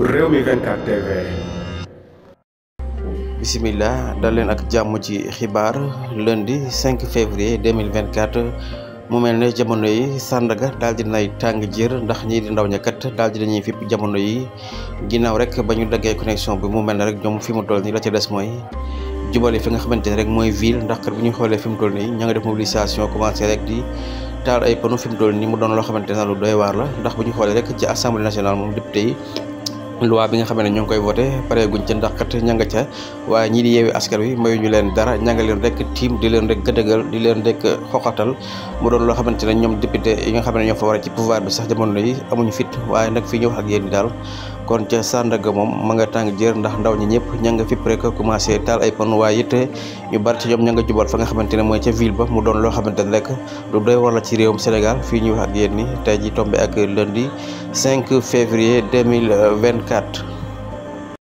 Rewmi dal leen ak jàmm ci xibaar lundi 5 février 2024. mu mel ne jamono yi Sandaga daal di nay tàng jër ndax ñii di ndaw ña kat daal di nañuy fipp jamono yi ginnaaw rek ba ñu daggee connexion bi mu mel ne rek ñoom fi mu toll nii la ca des mooy jubale fi nga xamante ne rek mooy ville ndax kat bu ñu xoolee fi mu toll nii ña nga def mobilisation commencé rek di taal ay pneu fi mu toll nii mu doon loo xamante ne lu doy waar la ndax bu ñu xoolee rek ci assemblée nationale moom député yi. loi bi nga xam ne ñu ngi koy voté pare guñ ca ndax kat ñanga nga ca waaye ñii di yeewi askan wi mayu ñu leen dara ña nga leen rek tiim di leen rek gëdëgal di leen rek xoqatal mu doon loo xamante ne ñoom député yi nga xam ne ñoo fa war a ci pouvoir bi sax jamono yi amuñu fit waaye nag fi ñu wax ak yéen daal kon ci sa ndag mom ma nga tang jeer ndax ndaw ñi ñepp ña nga fi pré ko commencé tal ay pon way yité ñu bar ci ñom ña nga jubal fa nga xamantene moy ci ville ba mu doon lo xamantene rek du doy wala ci réewum sénégal fi ñu wax yeen ni tay ji tombé ak lundi 5 février 2024